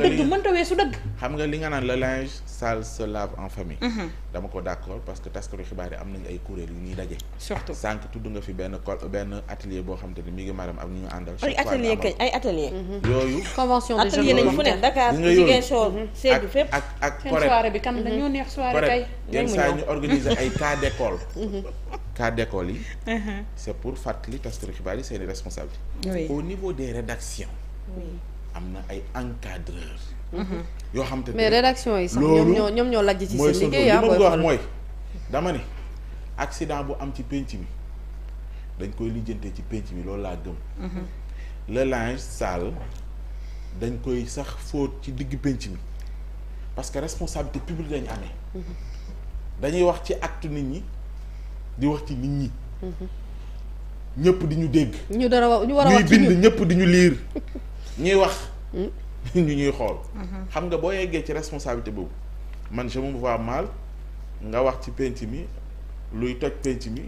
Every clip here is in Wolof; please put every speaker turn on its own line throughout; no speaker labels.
dëgg
mënta weesu dëgg
xam nga li nga naan le linge sale se lave en famille mhm. dama ko d'accord parce que taskatu xibaar yi am nañu ay kuréel yu ñuy daje surtout sànq tudd nga fi benn col benn atelier boo xam te ne mi ngi maram ak ñu ñu àndal ay atelier kañ ay atelier mhm. Mhm. yooyu convention de atelier nañu fu ne
Dakar Ziguinchor Sédhiou fépp ak ak soirée bi kan dañoo neex soirée kay yenn saa ñu
organiser ay cas d'école cas d'école yi c'est pour fàttali taskatu xibaar yi seeni am na ay encadreurs. Mhm. yoo xam te mais rédaction yi sax ñoom ñoo ñoom ñoo lajj ci seen liggéey yaa ah, koy wax mooy dama ni accident bu am ci pénc mi dañ koy lijjante ci pénc mi loolu laa gëm mhm. le linge dañ koy sax fóot ci digg pénc mi parce que responsabilité publique lañu amee mhm. dañuy wax ci acte nit ñi di wax ci nit ñi ñëpp di ñu dégg
ñu dara ñu war wax ñuy bind ñëpp
di ñu liir ñuy wax. Hmm? ñu ñuy xool. Uh-huh. xam nga boo yeggee ci responsabilité boobu man je me vois mal nga wax ci penc mi luy toj penc mi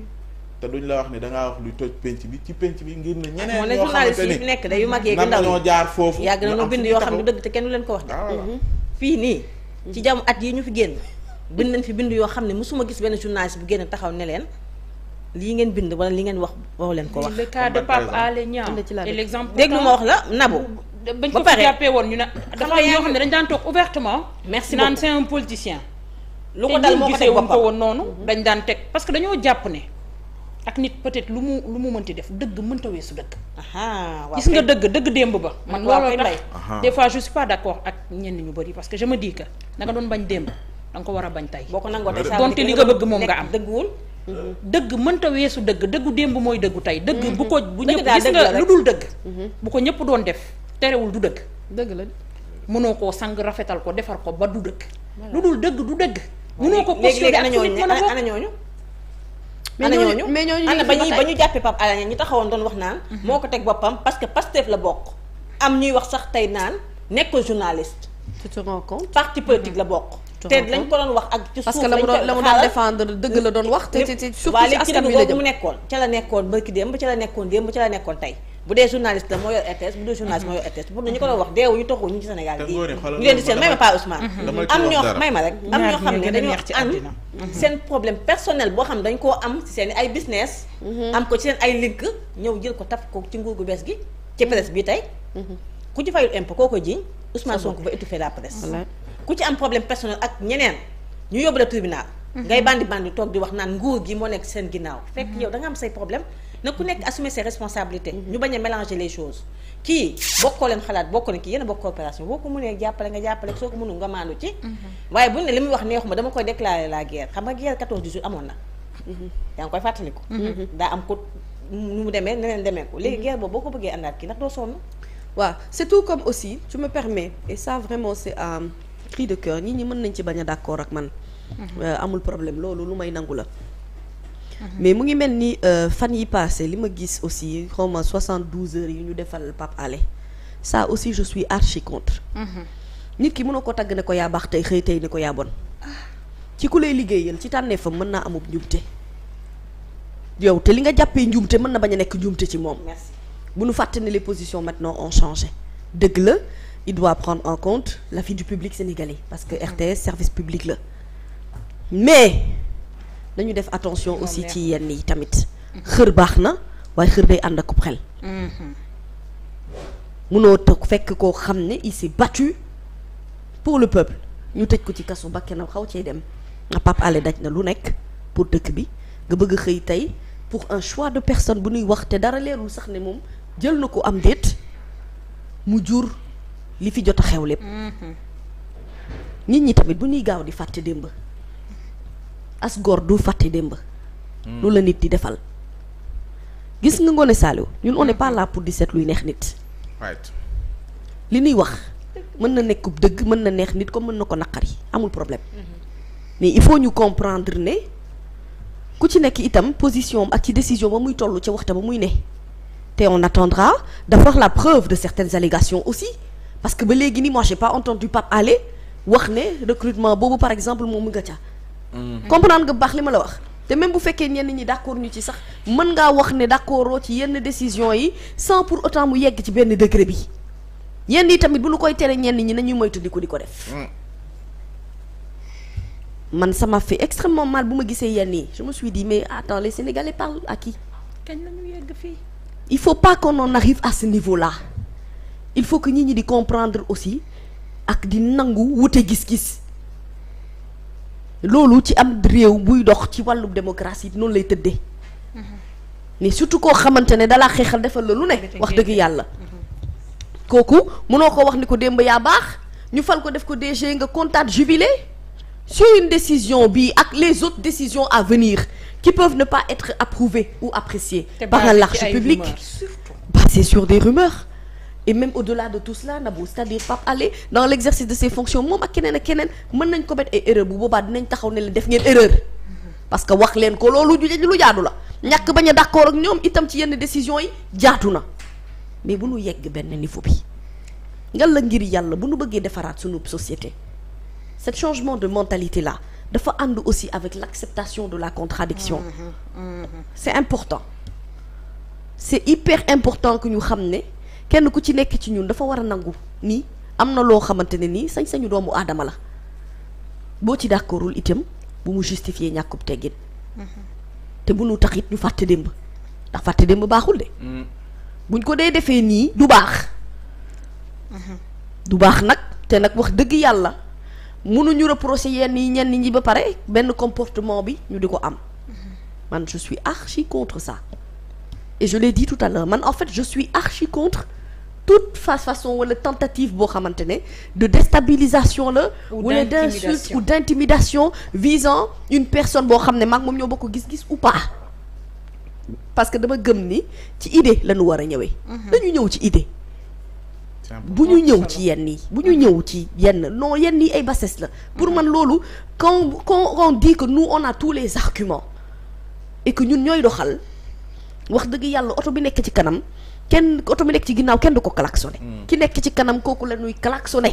te duñ la wax ne da ngaa wax luy toj penc bi ci penc bi ngir ne. Ah, ñeneen ñoo xamante fi nekk da yu mag yeeg ndaw ñoo jaar foofu. yàgg na ñu bind yoo xam ne dëgg
te kenn du leen ko wax. Ah, mm-hmm. fii nii. ci jam at yi ñu fi génn bind nañ fi bind yoo xam ne mosuma gis benn journaliste bu génn taxaw ne leen. lii ngeen bind wala li ngeen wax waru leen ko wax. le cas de wax
la Nabou. bañ ko fi jàppee woon ñu ne. dafa am yoo xam ne dañ daan toog ouvertement merci naan c'est un politicien. lu ko dal moo ko tey woon noonu. Mm-hmm. dañ daan parce que dañoo jàpp ne. ak nit peut-être lu mu lu mu mënti def dëgg mënta weesu dëgg. gis nga dëgg dëgg démb ba. man looloo tax des fois je suis d'accord ak ñenn ñu bari parce que je me dis que. da nga doon bañ démb da nga ko war a bañ tey. boo ko nangoo tey donte li nga bëgg moom nga am dëgguwul dëgg mënta weesu dëgg dëggu démb mooy dëggu tey dëgg mhm. bu ko bu ñëpp gis nga lu dul dëgg mhm. bu ko ñëpp doon def terewul du dëgg dëgg la mënoo koo sang rafetal ko defar ko ba du dëgg lu dul dëgg du dëgg mënoo ko cautionné ak nit mën a bokk ana ñooñu ana ñooñu
mais ñooñu ana ba ñuy ba ñu
jàppee Pape Alé Niang ñi taxawoon doon wax
naan mhm. moo ko teg boppam parce que Pastef la bokk am ñuy wax sax tey naan nekk journaliste tu te rends compte parti la bokk te lañ ko doon wax ak ci suuf lañ ko doon dëgg la doon wax te te ci askan ko doon wax deewu ñu ci Sénégal dañ mm-hmm. koo am seen ay business mm-hmm. am ko ci seen ay link ñëw jël ko taf ko ci nguur gu bees gi ci presse bi tey mm-hmm. ku ci fayul impôt koo ko jiiñ Ousmane Sonko va étouffer la presse ku ci am problème personnel ak ñeneen ñu yóbbu la tribunal. Mhm. ngay bandi bandi toog di wax naan nguur gi moo nekk seen ginnaaw. Mhm. fekk yow da nga am say problème na ku nekk assumer ses responsabilités. Mhm. ñu bañ a mélanger les choses. kii bokkoo leen xalaat bokkoo ne kii yéen a bokk coopération boo ko mënee jàppale nga jàppale soo ko mënul nga maandu ci. waaye buñ ne li muy wax neexuma dama koy déclarer la guerre xam nga guerre 14 18 amoon na. yaa ngi daa am ko mu demee neneen demee
ko. léegi guerre boo ko bëggee àndaat kii ndax doo sonn. waaw c'est tout comme aussi tu me permets cri de cœur nit ñi mën nañ ci bañ a d'accord ak man mhm. euh, amul problème loolu lu may nangu la mhm. mais mu ngi mel ni euh, fan yi passé li ma gis aussi xawma 72 heures yu ñu defal Pape ale ça aussi je suis archi contre mhm. nit ki mënoo ko tagg ne ko yaa baax tey xëy tey ne ko yaa bon ci ku lay liggéeyal ci tànneefam mën naa amub njuumte yow te li nga jàppee njuumte mën na bañ a nekk njuumte ci moom bu nu fàtte ne les positions maintenant ont changé dëgg la il doit prendre en compte l'avis du public sénégalais parce que RTS service public la mais nañu def attention aussi ci yenn yi tamit xër baax na waaye xër day ànd ak xel munoo toog fekk koo xam ne il s'est battu pour le peuple ñu tëj ko ci kasu ba kenn xaw cee dem nga Pape Alé daj na lu nekk pour dëkk bi nga bëgg xëy tey pour un choix de personne bu ñuy wax te dara leerul sax ne moom jël na ko am déet mu jur li fi jot a xew lépp. Mm-hmm. nit ñi tamit bu ñuy gaaw di fàtte démb as góor du fàtte démb. Mm. lu la nit di defal. gis nga ngoone Saliou ñun one n'est pas pour di set luy neex nit. li ñuy wax mën na nekk dëgg mën na neex nit comme mën na ko naqar yi amul problème.
Mm-hmm.
mais il faut ñu comprendre ne ku ci nekk itam position am ak ci décision ba muy toll ca waxta ba muy ne. te on attendra wax la preuve de certaines allégations aussi parce que ba léegi nii marché j'ai pas entendu Pape Alé wax ne recrutement boobu par exemple moom mu nga ca
mm. comprendre
nga baax li ma la wax te même bu fekkee ñenn ñi d'accord ñu ci sax mën ngaa wax ne d'accordoo ci yenn décision yi sans pour autant mu yegg ci benn degré bi yenn yi tamit bu lu koy tere ñenn ñi nañuy moytandiku di ko def mm. man sama m'a fait extrêmement mal bu ma gisee yenn yi je me suis dit mais attends les Sénégalais kañ
la ñu yegg fii
il faut pas qu'on en arrive à ce niveau-là il faut que nit ñi di comprendre aussi ak di nangu wute gis-gis loolu ci am réew buy dox ci wàllu démocratie noonu lay tëddee mais surtout koo xamante ne dalaa xeexal defal la lu ne wax dëgg yàlla kooku mënoo ko wax ni ko démb yaa baax ñu fal ko def ko DG nga comptable jubilé sur une décision bi ak les autres décisions à venir qui peuvent ne pas être approuvés ou appréciés par un large public basé sur des rumeurs et même au-delà de tout cela Nabou bu à dire Pape Alé dans l'exercice de ses fonctions moom ak keneen a keneen mën nañ commettre ay erreur bu boobaa dinañ taxaw ne leen def ngeen erreur parce que wax leen ko loolu lu jaadu la ñàkk bañ a d'accord ak ñoom itam ci yenn décision yi jaatu na mais bu nu yegg benn niveau bi ngal la ngir yàlla bu nu bëggee defaraat sunu société ce changement de mentalité là dafa ànd aussi avec l'acceptation de la contradiction mm-hmm. Mm-hmm. c'est important c'est hyper important que ñu xam ne kenn ku ci nekk ci ñun dafa war a nangu nii am na loo xamante ne nii sañ-sañu doomu aadama la boo ci d'accordul itam bu mu justifier ñàkkub teggin mm-hmm. te bu nu tax it ñu fàtte démb ndax fàtte démb baaxul de mm. buñ ko dee defee nii du baax du baax nag te nag wax dëgg yàlla mënuñu reprocher yenn yi ñenn ñi ba pare benn comportement bi ñu di ko am man je suis archi contre ça et je l'ai dit tout à l'heure man en fait je suis archi contre toute façon wala tentative boo xamante ne de déstabilisation la wala d'insulte ou d'intimidation visant une personne boo xam ne maak moom ñoo ko gis-gis ou pas parce que dama gëm ni ci idée lañu war a ñëwee mhm. dañu ñëw ci idée bu ñu ñëw ci yenn yi bu ñu ñëw ci yenn non yenn yi ay bassesse la pour man loolu quand quand on ko que nous on a tous les arguments et ñun ñooy doxal wax dëgg yàlla oto bi nekk ci kanam kenn oto bi nekk ci ginnaaw kenn du ko klaxonné hmm. ki nekk ci kanam kooku la ñuy klaxonné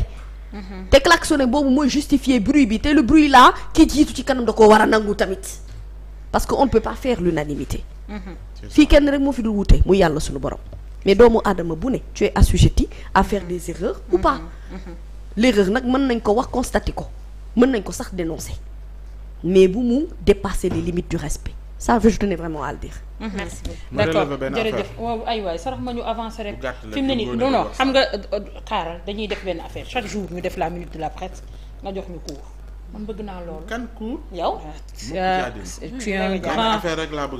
mm-hmm. te klaxonné boobu mooy justifier bruit bi te le bruit là ki jiitu ci kanam da koo war a nangu tamit parce que on ne peut pas faire l'unanimité mm-hmm. fii kenn rek moo fi dul wute yàlla suñu borom mais doomu aadama bu ne tu es assujetti affaire des erreurs ou mm-hmm, pas mm-hmm. l'erreur nag mën nañ ko wax constater ko mën nañ ko sax dénoncer mais bu mu dépasser les limites du respect ça je tenais vraiment à le dire.
Mm-hmm. merci d'accord jërëjëf waaw ay waay sarax ma ñu avancé rek fi mu ne nii non xam nga euh, euh, xaaral dañuy def benn affaire chaque jour ñu def la minute de la presse nga jox ñu cours man bëgg naa loolu. kan cours yow. Ah, euh, hmm, tu es un grand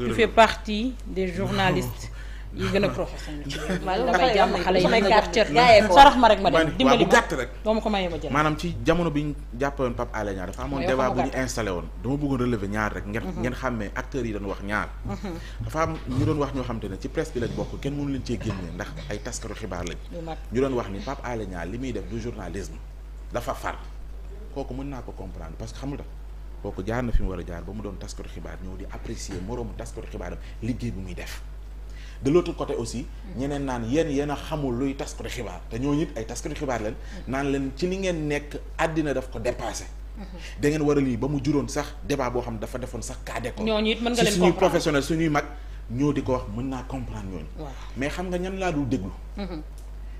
tu fais partie des journalistes. yi gën a ko ci xale yi ma jox cër sarax ma rek ma dem dimbali bu rek ma ko mayee
maanaam ci jamono bi ñu jàppee woon Pape Alé dafa amoon débat bu ñu installé woon dama bëggoon relever ñaar rek ngeen mhm. ngeen xàmmee acteurs yi doon wax ñaar mhm. dafa am ñu doon wax ñoo xam te ne ci presse bi lañ bokk kenn mënu leen cee génne ndax ay taskaru xibaar lañ ñu doon wax ni Pape Alé Niang li muy def du journalisme dafa far kooku mën naa ko comprendre parce que xamul tax kooku jaar na fi mu a jaar ba mu doon taskaru xibaar ñëw di apprécier moroomu taskaru xibaaram liggéey bi muy def de l'autre côté aussi ñeneen naan yéen yéen a xamul luy taskatu xibaar te ñoo ñit ay taskatu xibaar leen naan leen ci li ngeen nekk àddina daf ko dépassé mhm. da ngeen war a lii ba mu juróon sax débat boo xam dafa defoon sax cas d'école ñooñu it mën nga leen suñuy professionnel suñuy mag ñoo di ko wax mën naa ñooñu mais xam nga ñan laa dul déglu mhm.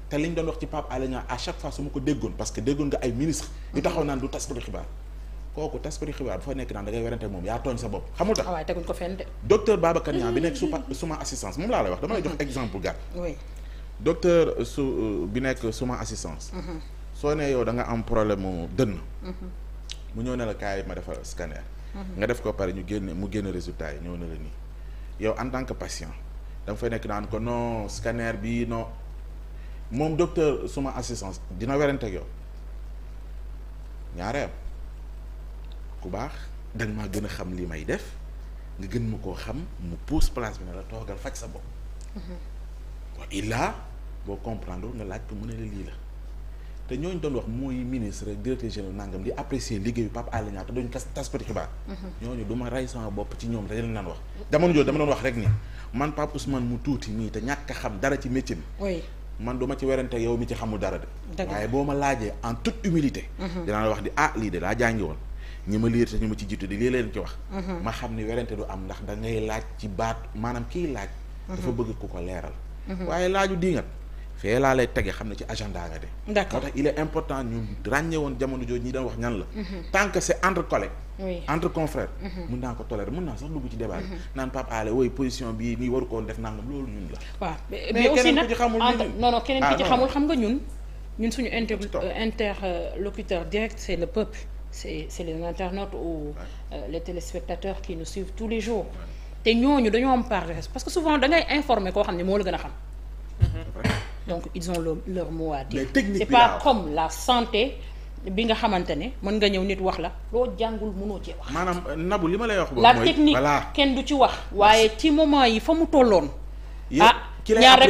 te liñ doon wax ci Pape Alé Niang à chaque fois su ma ko déggoon parce déggoon nga ay ministre yu mhm. taxaw naan du taskatu xibaar kooku taskati xibaar bu fa nekk naan da ngay werante moom yaa tooñ sa bopp xamul tax ah
waaw ko fenn de
docteur Babacar Niang bi nekk suma suma assistance moom laa lay wax dama lay jox exemple gàtt oui docteur su euh, bi nekk suma assistance mhm. soo ne yow da nga am problème mu dënn mhm. mu ñëw ne la kaay ma defal scanner mhm. nga def ko pare ñu génne mu génn résultat yi ñëw ne la nii yow en tant que patient da fa nekk naan ko noo scanner bi noo moom docteur suma assistance dina werante ak yow ñaareem ku baax danga maa gën a xam li may def nga gën ma koo xam mu pose place bi ne la toogal faj sa bopp mhm. wa illaa boo comprendre nga laaj ko mu ne la lii la te ñooñu doon wax mooy ministre ak directeur général nangam di apprécier liggéeyu Pape Alé Niang te duñ tas tas petit xibaar mhm. ñooñu du ma rey sama bopp ci ñoom te leen naan wax jamono jooju dama doon wax rek ni man Pape Ousmane mu tuuti nii te ñàkk a xam dara ci métier mi man du ma ci werante yow mi ci xamul mhm. la wax di ah lii ñi ma liir sax ñu ma ci jiitu di lii leen ci wax mhm. ma xam ni werante du am ndax da laaj ci baat maanaam kiy laaj mhm. dafa bëgg ku ko leeral mhm. waaye laaju diingat fee lay tege xam ne ci agenda nga de tax il est important ñu ràññe jamono jooju ñi doon wax ñan la tant que c'est entre collègues oui entre confrères mun naa ko tolérer mun naa sax dugg ci débat bi naan Pape Alé wooy position bi nii waru ko woon def nangam loolu ñun la
waaw mais aussi nag non non keneen ki c'est c'est les internautes ou euh, les téléspectateurs qui nous suivent tous les jours te ñooñu dañoo am part parce que souvent da ngay informer koo xam ne moo la gën a xam donc ils ont leur, leur mot à dire
c'est pas
comme la santé bi nga xamante ne mën nga ñëw nit wax la loo jàngul mënoo ci wax
maanaam euh, nabu li ma lay wax la technique
kenn du ci wax waaye ci moment yi fa mu tolloon
ah ñaar rek